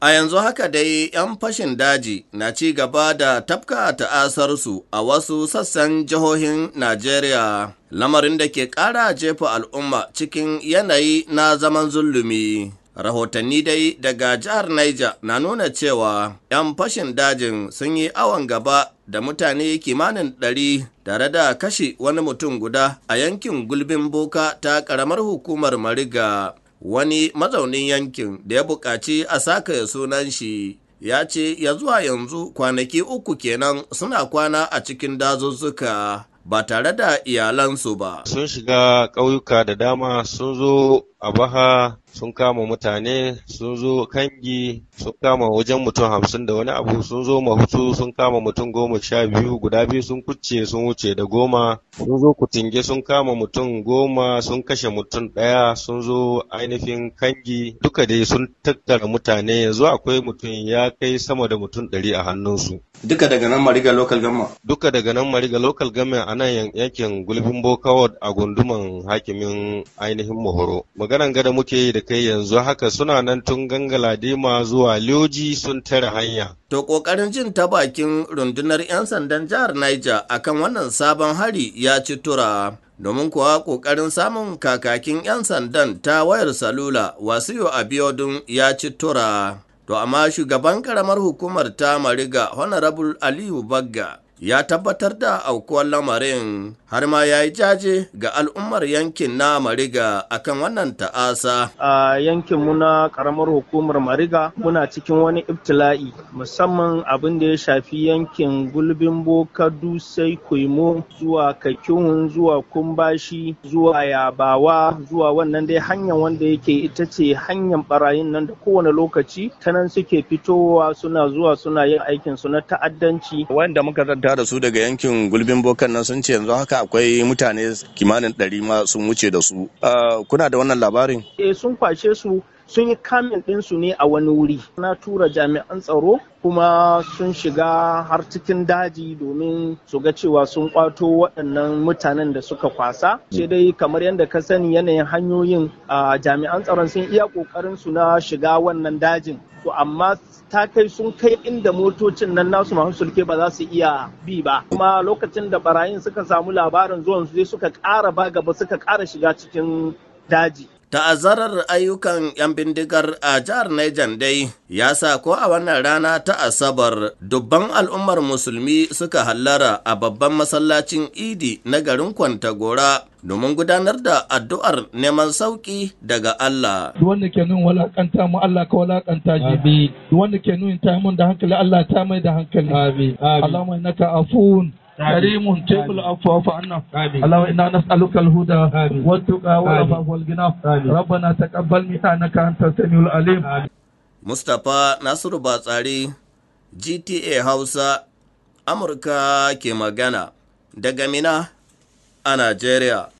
A yanzu haka dai 'yan fashin daji na ci gaba da tafka ta'asarsu a wasu sassan jihohin Najeriya, lamarin da ke ƙara jefa al'umma cikin yanayi na zaman zulumi. Rahotanni dai daga jihar Niger na nuna cewa 'yan fashin dajin sun yi awon gaba da mutane kimanin ɗari tare da kashe wani mutum guda a yankin gulbin boka ta ƙaramar hukumar Mariga. wani mazaunin yankin da ya buƙaci a saka sunan shi ya ce ya zuwa yanzu kwanaki uku kenan suna kwana a cikin dazuzzuka ba tare da iyalansu ba. Sun shiga ƙauyuka da dama sun zo Abaha sun kama mutane sun zo Kangi sun kama wajen mutum hamsin da wani abu sun zo Mahutu sun kama mutum goma sha biyu guda biyu sun kucce sun wuce da goma sun zo Kutinge sun kama mutum goma sun kashe mutum ɗaya sun zo ainihin Kangi duka dai sun tattara mutane yanzu akwai mutum ya kai sama da mutum ɗari a hannunsu. Duka daga nan Mariga Local Gama? Duka daga nan Mariga Local Gama a nan yankin Gulbin Bokawad a gunduman hakimin ainihin Mahoro. maganan gada muke yi da kai yanzu haka suna nan tun dima zuwa loji sun tare hanya. To ƙoƙarin jin ta bakin rundunar 'yan sandan jihar Niger akan wannan sabon hari ya ci tura. Domin kuwa ƙoƙarin samun kakakin 'yan sandan ta wayar salula wasiyo a biyodun ya ci tura. To amma shugaban ƙaramar hukumar ta Mariga Honorable Aliyu Bagga ya tabbatar da aukuwar lamarin har ma ya yi jaje ga al'ummar yankin na mariga akan wannan ta'asa. A yankin muna karamar hukumar mariga muna cikin wani ibtila'i musamman abin da ya shafi yankin gulbin boka dusai kuimo zuwa kakihun zuwa kumbashi zuwa yabawa zuwa wannan dai hanyar wanda yake ita ce hanyar barayin nan da kowane lokaci ta nan suke fitowa suna zuwa suna yin aikin su na ta'addanci wanda muka fita da su daga yankin gulbin bokan nan sun ce yanzu haka akwai mutane kimanin ɗari ma sun wuce da su ah, kuna da wannan labarin eh sun kwashe su sun yi kamin ɗinsu ne a wani wuri na tura jami'an tsaro kuma sun shiga har cikin daji domin su ga cewa sun kwato waɗannan mutanen da suka kwasa sai dai kamar yadda ka sani yanayin hanyoyin jami'an tsaron sun iya ƙoƙarin su na shiga wannan dajin to amma ta kai sun kai inda motocin nan nasu masu sulke ba za su iya bi ba kuma lokacin da barayin suka samu labarin zuwan su sai suka ƙara ba gaba suka ƙara shiga cikin daji Ta'azzarar ayyukan 'yan bindigar a jihar Niger dai ya sa ko a wannan rana ta Asabar dubban al'ummar musulmi suka hallara a babban masallacin Idi na garin Kwantagora domin gudanar da addu'ar neman sauki daga Allah. Wanda ke nuna walakanta mu Allah ka walakanta shi. Wanda ke nuna ta mun da hankali Allah ta mai da hankali. Allahumma innaka afun. كريم تيب العفو عفو عنا اللهم انا نسالك الهدى والتقى والعفو والغنى ربنا تقبل منا انك انت السميع العليم مصطفى نصر ناصر جي تي اي هاوسا امريكا magana daga دغامينا a Najeriya.